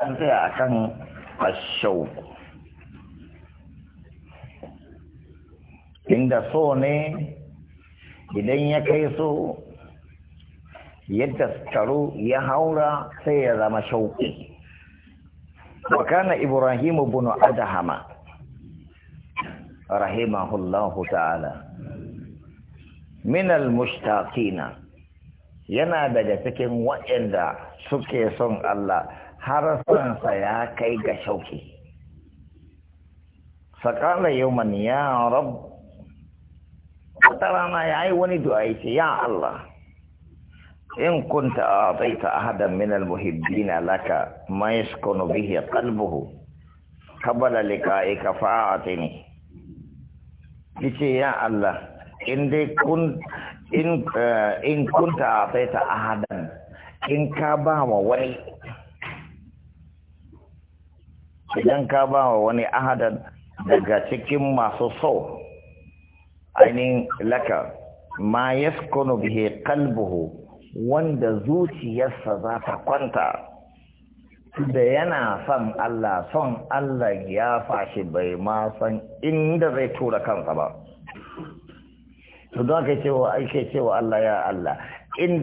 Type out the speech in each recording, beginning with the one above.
an tsaya a kan ashau inda so ne idan ya kai so yadda taro ya haura sai ya zama shauƙi وكان إبراهيم بن أدهم رحمه الله تعالى من المشتاقين yana daga cikin waɗanda suke son Allah har harsansa ya kai ga shauki faƙala yauman ya rab wata rana ya wani du'a ce ya Allah in kunta a taita ahadan minal muhibbina laka ma yaskunu bihi qalbuhu qabala liqa'ika fa'atini yace ya Allah in dai kun in in kunta a taita ahadan in ka ba wa wani idan ka ba wa wani ahadan daga cikin masu so ainihin laka ma yaskunu bihe kalbuhu wanda zuciyarsa za ta kwanta da yana son Allah son Allah ya fashi bai ma san inda zai tura kansa ba su don ka cewa aike cewa Allah ya Allah in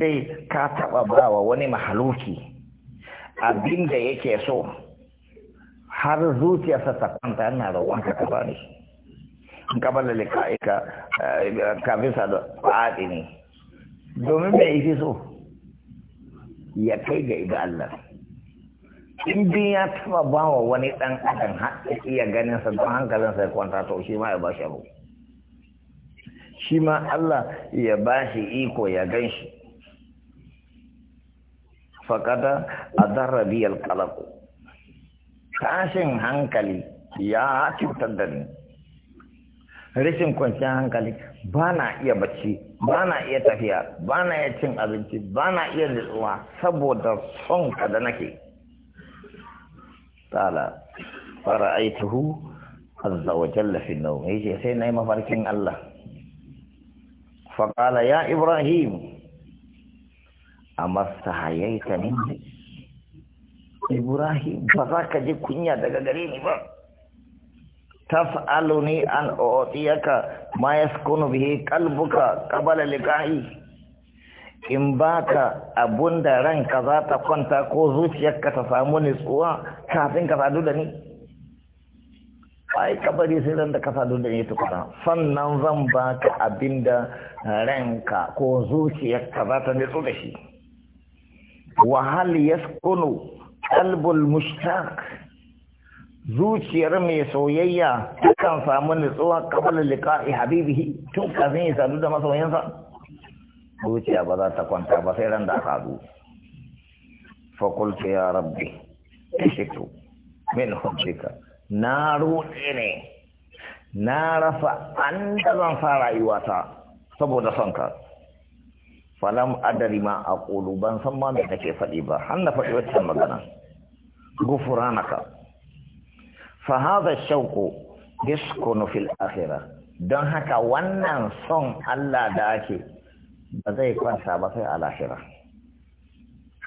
ka taba bawa wani mahaluki abinda yake so har zuciyarsa ta kwanta yana da wanka ka bani in ka bala lika'ika eh, kafin sa da faɗi ne domin mai ifi so ya kai ga iga Allah in bin ya taba ba wa wani ɗan adam haɗa iya ganin sa don hankalin sai kwanta to shi ma ya ba shi abu shi ma Allah ya ba shi iko ya gan shi faƙada a zarrabiyar kalaku tashin hankali ya cutar da ni rashin kwanciyar hankali ba na iya bacci ba na iya tafiya ba na iya cin abinci ba na iya nutsuwa saboda son ka da nake ta'ala fara aituhu azza wa jalla na nawm Sai sai yi mafarkin Allah fakala ya ibrahim masu hayaita ne Ibrahim ba za ka ji kunya daga gare ni ba ne an u'tiyaka ma bihi kalbuka kabala liƙa’i. in baka abunda ranka za ta kwanta ko zuciyarka ta samu tsuwa kafin ka sadu da ni ai kabari sai ran da ka sadu da ni tukuna sannan zan baka abinda ranka ko zuciyarka za ta nutsu da shi Wahal yaskunu kalbul mushtaq zuciyar mai soyayya kan samu nutsuwa kafin liƙa'i habibihi tun kafin ya sadu da masoyansa zuciya ba za ta kwanta ba sai ran da aka fa fakulta ya rabbi tashiku min hujjika na ruɗe ne na rasa an da zan sa rayuwata saboda son ka falam adari ma a ban san ma me take faɗi ba har na faɗi wacce magana غفرانك فهذا الشوق يسكن في الآخرة don haka wannan son Allah da ake ba zai kwanta ba sai a lahira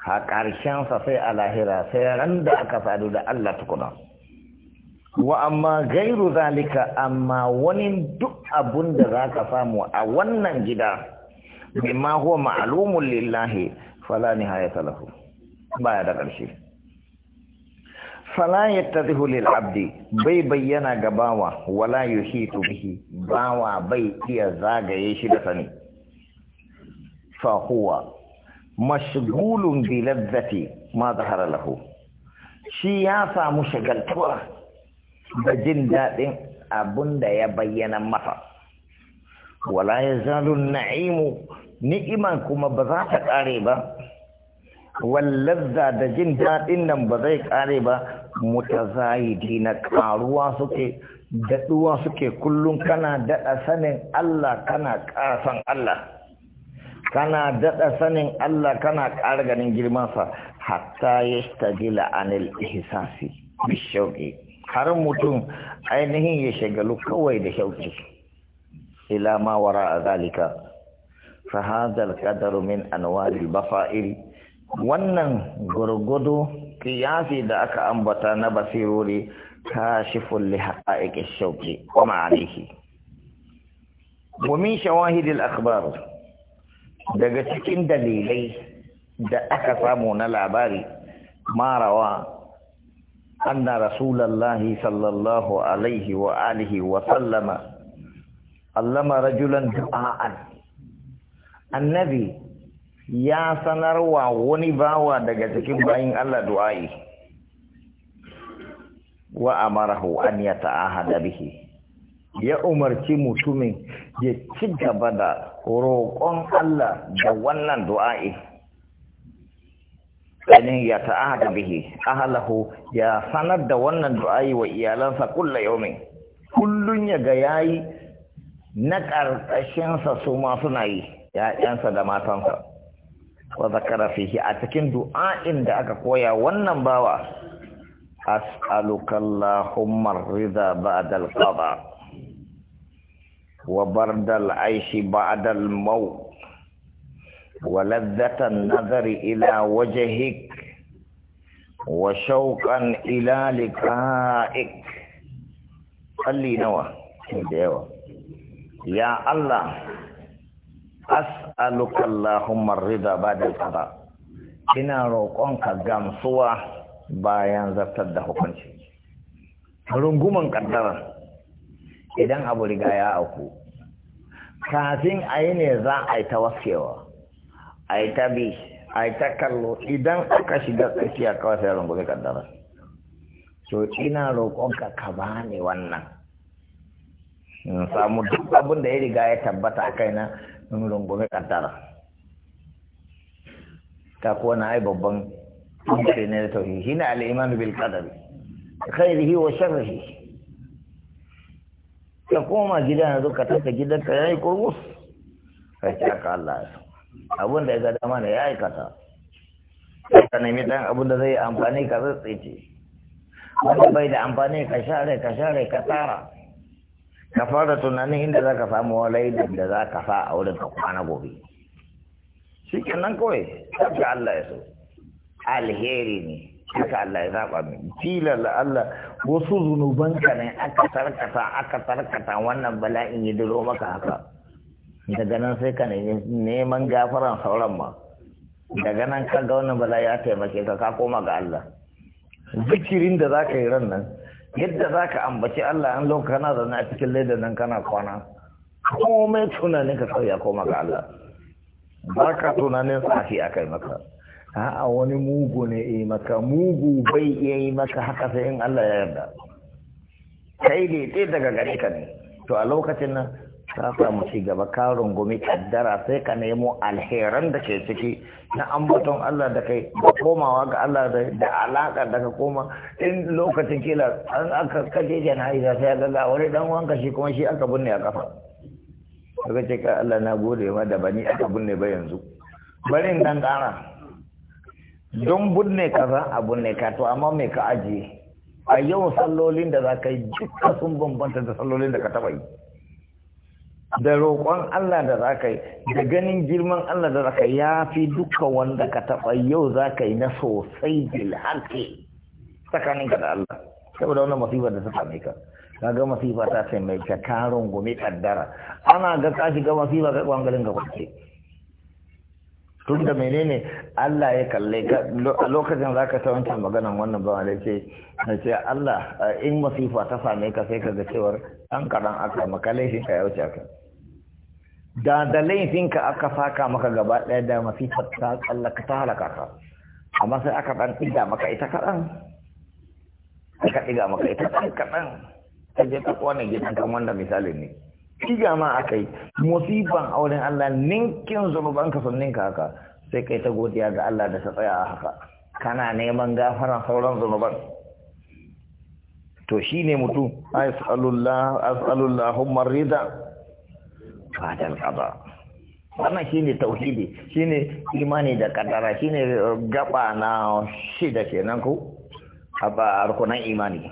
a sa sai a lahira sai ran da aka sadu da Allah tukuna wa amma gairu zalika amma wani duk abun da za ka samu a wannan gida bima huwa ma'lumun lillahi fala nihayata lahu baya da ƙarshe fala yattadihu lil abdi bai bayyana ga bawa wala yuhitu bihi bawa bai iya zagaye shi da sani fa huwa mashghulun bi ladzati ma zahara lahu shi ya samu shagaltuwa da jin daɗin abun da ya bayyana masa wala yazalu na'imu ni'iman kuma ba za ta ƙare ba wallazza da jin daɗin nan ba zai ƙare ba mutazayidi na ƙaruwa suke daɗuwa suke kullum kana daɗa sanin Allah kana ƙara Allah kana daɗa sanin Allah kana ƙara ganin girmansa hatta ya stajila anil ihsasi har mutum ainihin ya shagalu kawai da shauƙi. ila ma wara a zalika fa hadha al-qadaru min anwar al-basairi wannan gurgudu kiyasi da aka ambata na basirori kashifun li haqa'iqish shauqi wa ma'anihi wa min shawahidil akhbar daga cikin dalilai da aka samu na labari marawa anna rasulallahi sallallahu alaihi wa alihi wa sallama allama rajulan du'a'an annabi ya sanarwa wani bawa daga cikin bayin Allah du'a'i wa amarahu an ya ta'ahada bihi ya umarci mutumin ya ci gaba da roƙon Allah da wannan du'a'i ainihin ya ta'ahada bihi ahalahu ya sanar da wannan du'a'i wa iyalansa kulla yaumin kullun ya ga yayi na ƙarƙashinsa su ma suna yi ‘ya'yansa da matansa’ wa zakara fihi a cikin du'a'in da aka koya wannan bawa as'aluka Allahumma ridha ba'da al-qada wa barda al-aishi ba'da al-maut wa ladhata an-nazari ila wajhik wa shawqan ila liqa'ik qalli nawa ya Allah as'aluka Allahumma rida ba'da qada ina roƙonka gamsuwa bayan zartar da hukunci runguman kaddara idan abu riga ya auku kafin a yi ne za a yi ta waskewa a yi ta bi a yi ta kallo idan aka shiga tsakiya kawai sai rungumi kaddara so ina roƙonka ka bani wannan samu duk abin da ya riga ya tabbata a kaina rungume kaddara ta kuwa na ay babban ɓangare na ito hina shi ne al'imanu bil qadari khairihi wa sharrihi ka koma gida yanzu ka ta gidanka ya yi kurus ka ce aka Allah ya da ya ga dama ne ya aikata ka nemi dan abin da zai amfani ka zai ce, wanda bai da amfani ka share ka share ka tsara ka fara tunanin inda za ka samu walai da za ka sa a wurin ka kwana gobe shi kenan kawai haka Allah ya so alheri ne haka Allah ya zaɓa min filal Allah wasu zunuban ka ne aka tarkata aka sarkata wannan bala'in yi duro maka haka daga nan sai ka neman gafaran sauran ma daga nan ka ga wannan bala'i ya taimake ka ka koma ga Allah zikirin da za ka yi ran nan yadda za ka ambaci Allah an lokacin kana zana a cikin leda nan kana kwana komai tunani ka sauya koma ga Allah ba ka tunanin safi a kai maka a'a wani mugu ne yi maka mugu bai iya yi maka haka sai in Allah ya yarda kai ne daga gare ka ne to a lokacin nan ka samu ci gaba ka rungumi kaddara sai ka nemo alheran da ke ciki na ambaton Allah da kai da komawa ga Allah da alaka da ka koma in lokacin kila an aka kaje jana haiza sai ga ga wani dan wanka shi kuma shi aka binne a kafa daga ce ka Allah na gode ma da bani aka binne ba yanzu bari in dan kara don binne kaza a binne ka to amma me ka ajiye a yau sallolin da za ka yi duka sun bambanta da sallolin da ka taba yi da roƙon Allah da za ka yi da ganin girman Allah da za ka ya fi duka wanda ka taɓa yau za ka yi na sosai bilharke tsakaninka da Allah saboda wannan masifar da ta same ka ga masifa ta sai mai ka karon gumi kaddara ana ga ka shiga masifa ga kwangalin ga kwanke tun da menene Allah ya kalle ka a lokacin za ka ta wancan maganan wannan ba wanda ce na ce Allah in masifa ta same ka sai ka ga cewar an karan aka makale shi ka yauce ka da da laifinka aka saka maka gaba ɗaya da masifar ta tsallaka ta halaka ka amma sai aka ɗan ɗiga maka ita kaɗan aka ɗiga maka ita ɗan kaɗan ta je ta kone gidan kan wanda misali ne ɗiga ma aka yi musifan auren Allah ninkin zunuban ka sun ninka haka sai kai ta godiya ga Allah da ta tsaya a haka kana neman gafaran sauran zunuban to shine mutum as'alullah as'alullahumma rida fadar kaba wannan shine tauhidi shine imani da kaddara shine uh, gaba na shida kenan ko haba rukunan imani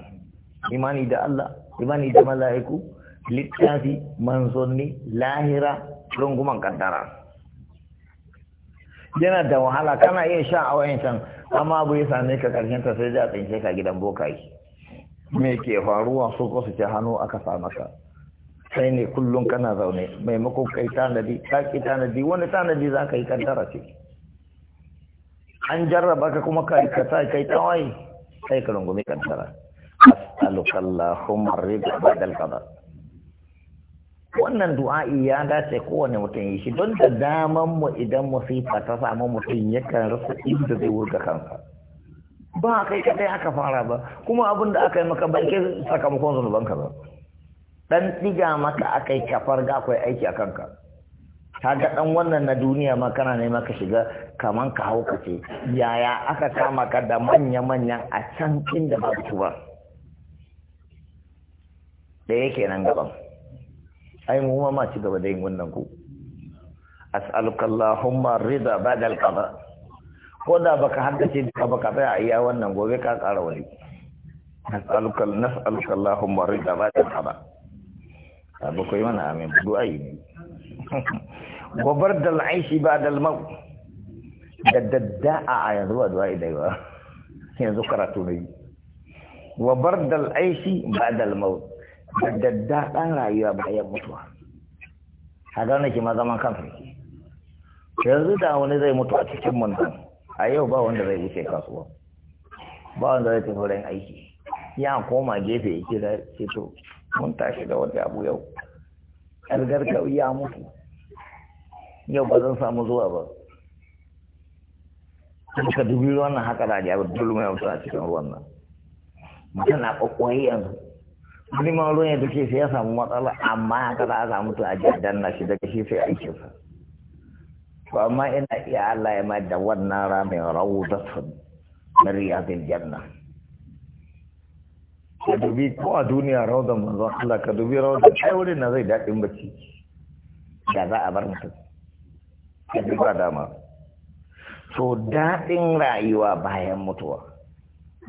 imani da Allah imani da mala'iku littafi manzonni lahira runguman kaddara yana da wahala kana iya sha a wayancan amma abu ya same ka karshen sai da tsince ka gidan bokai me ke faruwa su ko su hannu aka sa maka sai ne kullum kana zaune maimakon kai tanadi ka tanadi wani tanadi za ka yi kantara ce an jarraba ka kuma ka sa kai tawaye kai ka rungumi kaddara as'aluka allahumma ba'dal qada wannan du'a'i ya dace kowane mutum yi shi don da daman mu idan musifa ta samu mutum yakan rasa inda zai wurga kansa ba kai kadai aka fara ba kuma abin da aka yi maka bai sakamakon sakamakon zunubanka ba dan diga maka akai kafar ga akwai aiki a kanka kaga dan wannan na duniya ma kana ne maka shiga kaman ka hauka ce yaya aka kama ka da manya manyan a can inda ba su ba da yake nan gaban ai mu ma ci gaba da yin wannan ku as'aluka allahumma rida ba'da al-qada ko da baka haddace duka baka bai a iya wannan gobe ka kara wani as'aluka nas'aluka allahumma rida ba'da al-qada abu kai mana amin du'ai ne gobar dal aishi ba dal mau da dadda'a a yanzu ba ini. da yawa yanzu karatu ne gobar dal ba dal mau da dadda'a rayuwa bayan mutuwa haka nake ma zaman kansa yanzu da wani zai mutu a cikin mun a yau ba wanda zai wuce kasuwa ba wanda zai tafi wurin aiki ya koma gefe ya kira ce to mun tashi da wani abu yau ƙargar ka ya mutu yau ba zan samu zuwa ba kuma ka dubi wannan haka da ajiyar dole mai mutu a cikin ruwan nan mutum na ƙwaƙwai yanzu wani ma ruwan ya duke sai ya samu matsala amma haka za a samu to a jihar na shi daga shi sai aikinsa to amma ina iya Allah ya mai da wannan ramin sun na riyadin janna ka dubi ko a duniya rawar manzon Allah ka dubi rawar da kai wurin na zai daɗin bacci da za a bar mutum ya fi ba dama to daɗin rayuwa bayan mutuwa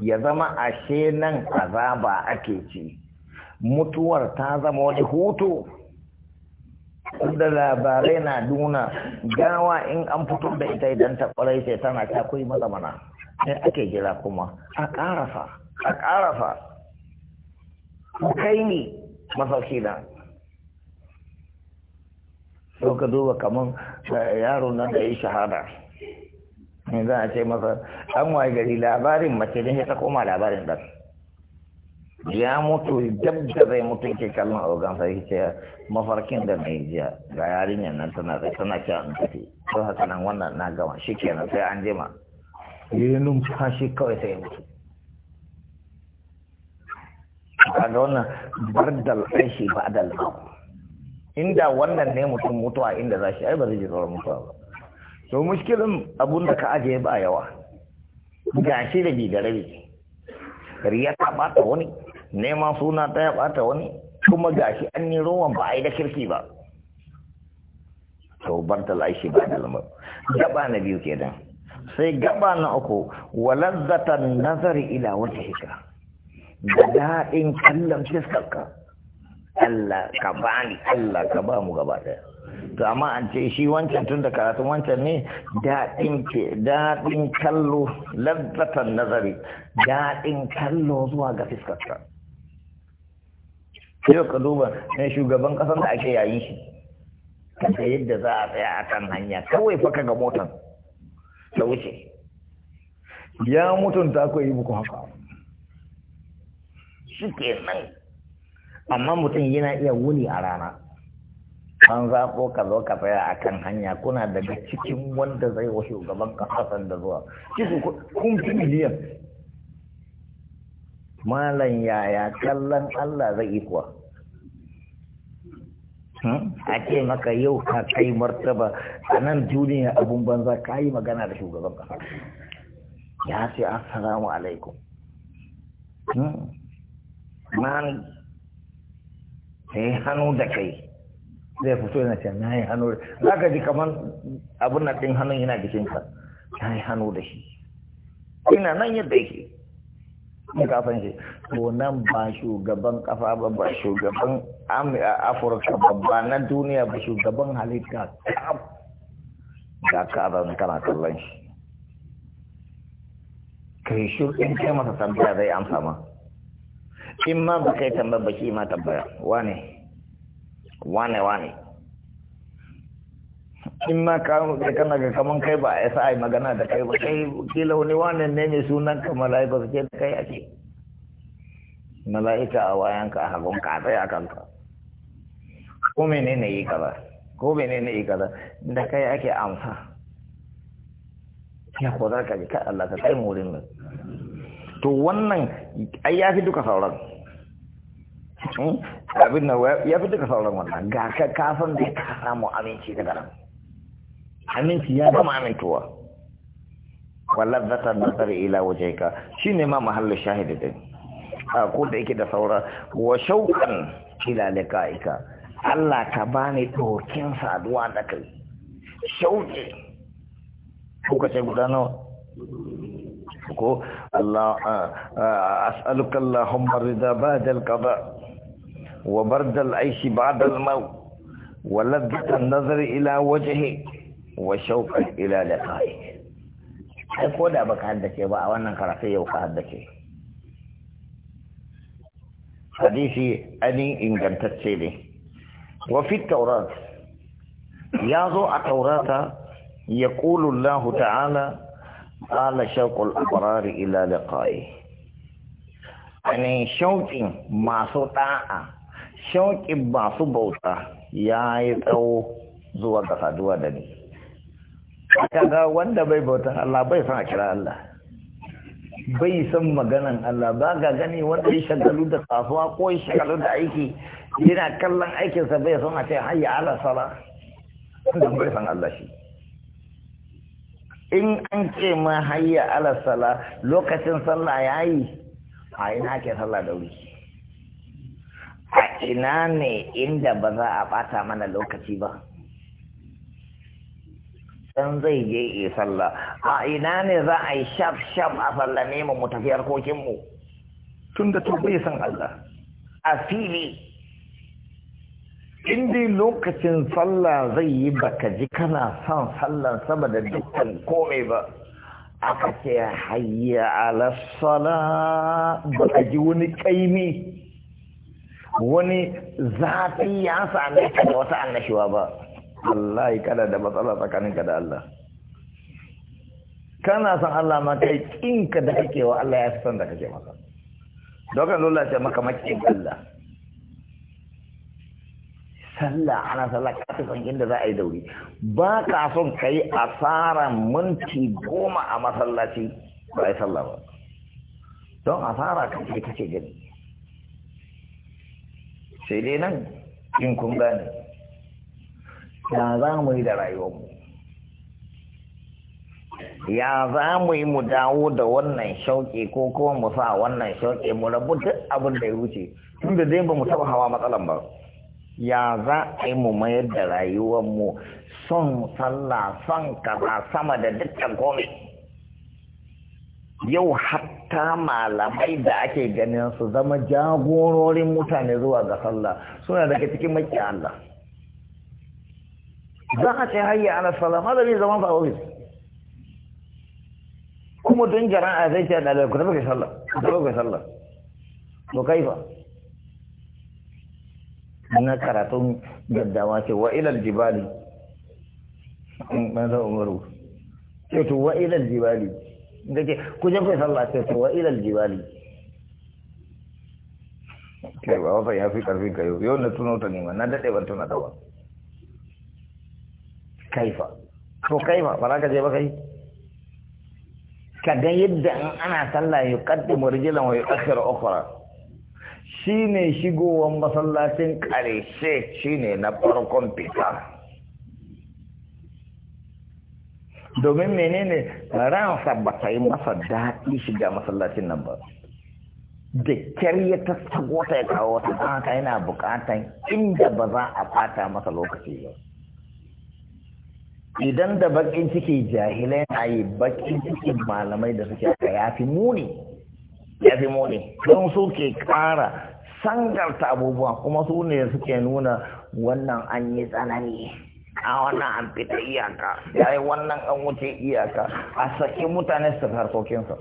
ya zama ashe nan azaba ake ci mutuwar ta zama wani hutu da labarai na duna gawa in an fito da ita idan ta kwarai sai tana ta kai mazamana mana sai ake jira kuma a ƙarafa a ƙarafa Ku kai ne mafarki na ka duba kamar eh, yaro nan da ya shahara ne za a ce masa an waye gari labarin mace ne ta koma labarin ɗan ya mutu dab da zai mutu ke kallon augan sai ce mafarkin da mai jiya ga yarinyar nan tana tsaye tana an tafi to haka nan wannan na gama shi kenan sai an jima yi numfashi kawai sai mutu kaga wannan bardal aishi ba dal inda wannan ne mutum mutuwa inda za shi ai ba zai ji tsoron mutuwa ba so mushkilin abun da ka ajiye ba yawa ga shi da bi da rabi riya ta bata wani neman suna ta ya bata wani kuma ga shi an yi rowan ba a yi da kirki ba to bardal aishi ba da lamar gaba na biyu kenan sai gaba na uku walazzatan nazari ila wata hikra da daɗin kallon fiskarka Allah ka bani Allah ka ba mu gaba ɗaya to amma an ce shi wancan tun da karatun wancan ne daɗin ke daɗin kallo lazzatan nazari daɗin kallo zuwa ga fiskarka sai ka duba na eh, shugaban ƙasar da ake yayi shi ka yadda za a tsaya a kan hanya kawai fa ka ga motan ta wuce ya mutunta ku yi muku haka shi ke nan amma mutum yana iya wuni a rana an zaɓo ka zo ka tsaya a kan hanya kuna daga cikin wanda zai wa shugaban kasan da zuwa cikin kumfi miliyan malam yaya kallon allah zai yi kuwa hmm? a ce maka yau ka kai martaba a nan duniya abun banza ka yi magana da shugaban kasa ya ce assalamu alaikum hmm? man ta yi hannu da kai zai fito yana ce na yi hannu da za ka ji kamar abin na ɗin hannun yana jikinsa na yi hannu da shi ina nan yadda yake muka san shi to nan ba shugaban kafa ba ba shugaban afirka ba na duniya ba shugaban halitta ga karan kana kallon shi kai shirkin kai masa tambaya zai amsa ma in ma ba kai tambar ba shi ma tambaya wane wane wane in ma ka kai kana ga kaman kai ba a sa magana da kai ba kai kila wani wane ne ne sunan ka mala'ika su ke da kai ake mala'ika a wayanka a hagun ka tsaye a kanka ko menene yi kaza ko menene yi kaza da kai ake amsa ya ko za ka ji kai Allah ka kai murin nan to wannan ai ya fi duka sauran hmm? abin na ya fi duka sauran wannan ga ka kafin da ka samu aminci daga nan aminci ya zama amintuwa wallar zatar nasar ila waje ka shi ne ma mahallin din a ko da yake da saura wa shaukan ila liqa'ika Allah ka bani dokin saduwa da kai shauke ko ka ce guda nawa کو اللہ اسألک اللہم رضا بعد القضاء وبرد العيش بعد الموت ولذة النظر الى وجهه وشوق الى لقائه اي كودا بك حدثي با wannan karatu yau ka haddace hadisi ani ingantacce ne wa fi tawrat yazo a tawrata yaqulu allah ila da قال شوق الأبرار masu ɗa'a, أني masu bauta ya yi tsawo zuwa يا يتو زوا دخدوا دني kaga wanda bai bauta Allah bai san a kira Allah bai san maganan Allah ba ga gani wanda ya shagalu da kasuwa ko ya shagalu da aiki yana kallon aikinsa bai san a ce hayya ala sala bai san Allah shi in an ce ma hayya ala sala lokacin sallah ya yi, a ina ke sallah da wuri a ina ne inda ba za a bata mana lokaci ba dan zai je yi sallah a ina ne za a yi shaf shaf a sallame mu mu tafi kokin mu tunda to bai san Allah a fili in dai lokacin sallah zai yi baka ji kana son sallah saboda dukkan komai ba aka ce hayya ala baka ji wani kaimi wani zafi ya same ka da wata annashuwa ba wallahi kada da matsala tsakaninka da Allah kana son Allah ma kai kinka da kake wa Allah ya san da kake masa dokan lullace maka makin Allah sallah ana sallah ka fi son inda za a yi dauri ba ka son ka yi asaran minti goma a masallaci ba a yi sallah ba don asara ka ce kake gani sai dai nan in kun gane ya za mu yi da rayuwarmu ya za mu yi mu dawo da wannan shauƙi ko kuma mu sa wannan shauƙi mu rabu duk abin da ya wuce tun da dai ba mu taɓa hawa matsalan ba ya za a yi mu mayar da rayuwarmu son sallah son kaza sama da dukkan komai yau hatta malamai da ake ganin su zama jagororin mutane zuwa ga sallah suna daga cikin maki Allah za a ce hayya ana sallah ma zai zama ba ofis kuma don jara'a zai ce da lalata ku tafi sallah ku tafi sallah to kai fa na karatun gaddawa ce wa ilal jibali manzan umaru ce to wa ilal jibali da ke ku jefe sallah ce to wa ilal jibali kai ba wata ya fi karfin ka yau yau na tuno ta nema na daɗe ban tuna ta ba kaifa ko kaifa ba za ka je ba kai ka ga yadda ana sallah ya kaddamu rijilan wa ya akhira okwara shi ne shigowar masallacin ƙarshe shi ne na farkon fita domin menene ransa ba ta yi masa daɗi shiga masallacin nan ba da kyar ya tattago ya kawo ta haka yana buƙatan inda ba za a fata masa lokaci ba idan da baƙin ciki jahilai na yi baƙin cikin malamai da suke aka yafi muni ya fi muni don su ke ƙara sangarta abubuwa kuma su ne suke nuna wannan an yi tsanani a wannan an fita iyaka ya yi wannan an wuce iyaka a saki mutane su harkokinsa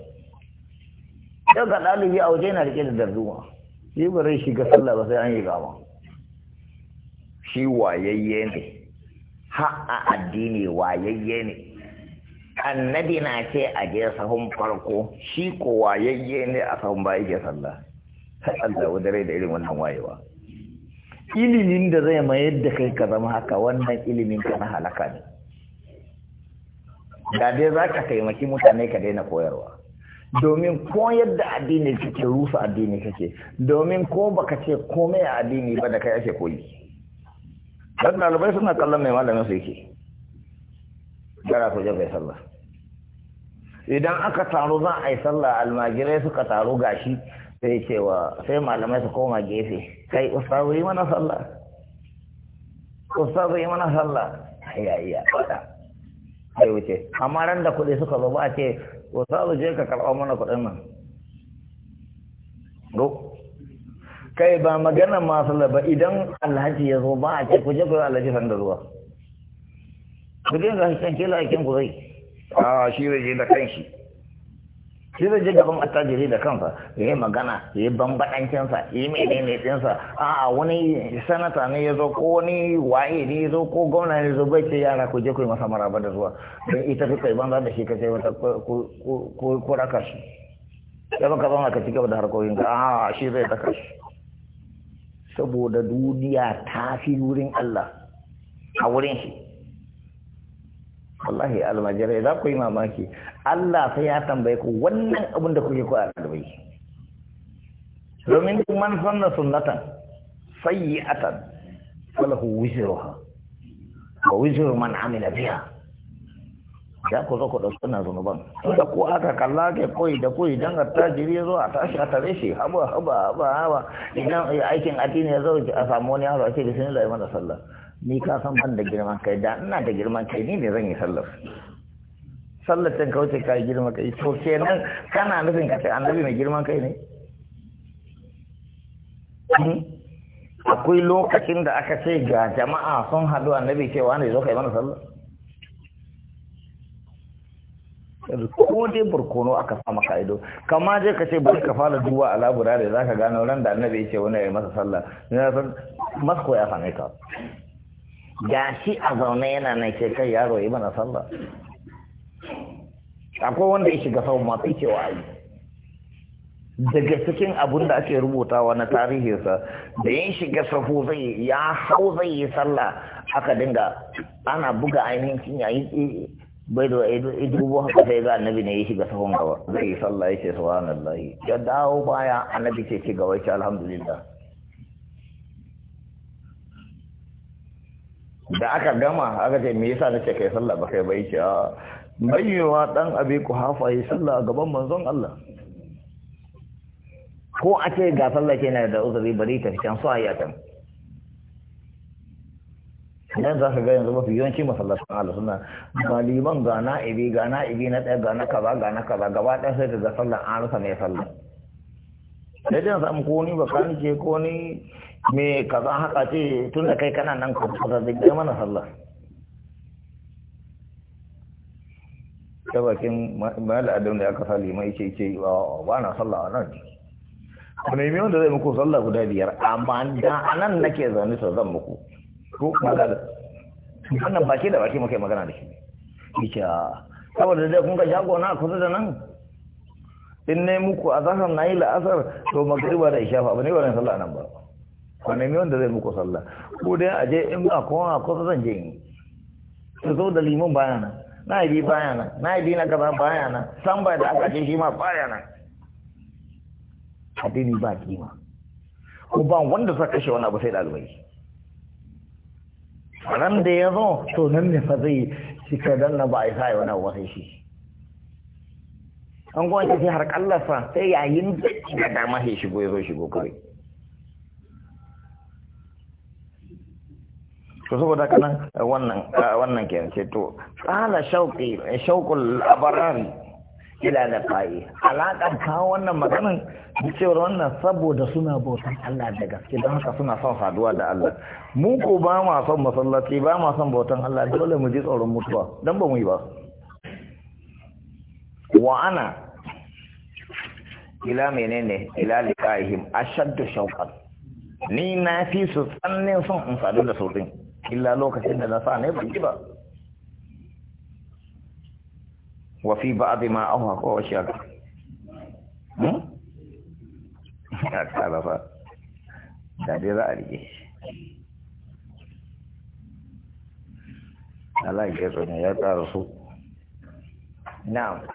yau ga ɗalibi a waje na rike da darduma shi ba zai shiga sallah ba sai an yi gama shi wayayye ne ha a addini wayayye ne annabi na ce a je sahun farko shi ko wayayye ne a sahun ba yake sallah Allah dare da irin wannan wayewa ilimin da zai mayar da kai ka zama haka wannan ilimin ka na halaka ne da dai za ka taimaki mutane ka daina koyarwa domin ko yadda addini kake rusa addini kake domin ko baka ce komai a addini ba da kai ake koyi dan ɗalibai suna kallon mai malamin su yake gara ku jabe sallah idan aka taru zan a yi sallah almajirai suka taru gashi sai cewa sai malamai su koma gefe kai ustazu yi mana sallah ustazu yi mana sallah ya iya fada sai wuce amma ran da kuɗi suka zo ba a ce ustazu je ka karɓa mana kuɗin nan go kai ba magana masu ba idan alhaji ya zo ba a ce ku je ku alhaji sanda ruwa ku je ga shi kan kila aikin ku zai a ah, shi zai je da kanshi shi zai je gaban attajiri da kansa ya yi magana ya yi bambaɗancinsa ya yi ne ɗinsa a wani sanata ne ya zo ko wani waye ne ya zo ko gwamna ne zo bai ce yara ku je ku yi masa maraba da zuwa don ita fi kai banza da shi ka ce wata ku raka shi ya baka zama ka ci gaba da harkokin ka a shi zai daka shi saboda duniya ta fi wurin Allah a wurin shi wallahi almajirai za ku yi mamaki Allah sai ya tambaye ku wannan abin da kuke ku a ɗalibai domin duk man sanna sunnatan sayyi'atan falahu wizruha wa wizru man amila biha Da ku zo ku ɗauki wannan zunuban da ku aka kalla ke koyi da koyi dan ta tajiri ya zo a tashi a tare shi haba haba haba haba idan aikin addini ya zo a samu wani yaro ake bisani da mana sallah ni ka san ban da girman kai da ina da girman kai ni ne zan yi sallar sallar can kauce ka girman kai to kenan kana nufin ka ce annabi mai girman kai ne hmm? akwai lokacin da aka ce ga jama'a sun haɗu annabi cewa ne zo kai mana sallar? ko dai barkono aka sa maka ido kama je ka ce bari ka fara duwa a labura da ka gano ran da annabi ya ce wani ya yi masa sallah ya san masko ya same ka ga shi a zaune yana na ke kai yaro yi mana sallah akwai wanda ya shiga sau masu cewa ayi daga cikin abin da ake rubutawa na tarihinsa da ya shiga safu zai ya hau zai yi salla aka dinga ana buga ainihin cinya bai da idubo haka sai ga annabi ne ya shiga sahun gaba zai yi sallah ya ce subhanallah ya dawo baya annabi ce ci gaba ya ce alhamdulillah da aka gama aka ce me yasa nake kai sallah ba kai ba yake a bayyewa dan abi ku hafa yi sallah gaban manzon Allah ko a ce ga sallah ke na da uzuri bari ta fitan su a dan idan za ka ga yanzu mafi yawanci masallatan Allah suna maliman ga ibi ga ibi na ɗaya ga na kaza ga na kaza gaba ɗaya sai ka ga sallah an rasa mai sallah dai dan samu ko ni ba kan ce ko ni me kaza haka ce tun da kai kana nan ka da zai mana sallah ta bakin mayar adam da aka sa limai ce ce ba na sallah a nan ku nemi wanda zai muku sallah guda biyar amma da a nan nake zaune sa zan muku ko magana wannan baki da baki yi magana da shi yace ah, saboda dai kun ga shago na kusa da nan in ne muku a na yi la'asar to magariba da ishafa ba ne wannan sallah nan ba kwanan yi wanda zai muku sallah ko dai a je in ba kowa a kusa zan je yi su zo da liman baya na na yi baya nan na yi na gaba baya nan san ba da aka ce shi ma baya nan addini ba kima ko ba wanda sa kashe wani abu sai ɗalibai ran da ya zo to nan ne fa zai shi ka danna ba a yi sa wani abu sai shi an gwanta sai har kallasa sai yayin da dama sai shigo ya zo shigo kawai to saboda kana eh, wannan eh, wannan kenan ce to tsala shauki eh, shaukul abaran ila da fa'i alaka ka wannan maganin da wannan saboda suna bautan Allah da gaske don haka suna son saduwa da Allah mu ko ba ma son masallaci ba ma son bautan Allah dole mu ji tsoron mutuwa Dan ba mu yi ba wa ana ila menene ila liqa'ihim ashaddu shauqan ni na fi su tsannin son in sadu da sautin. illa lokacin da na sa ne ban ji ba wa fi ba'd ma ahwa ko shar hmm kala fa da dai za a rike Allah ya tsone ya tsara su na'am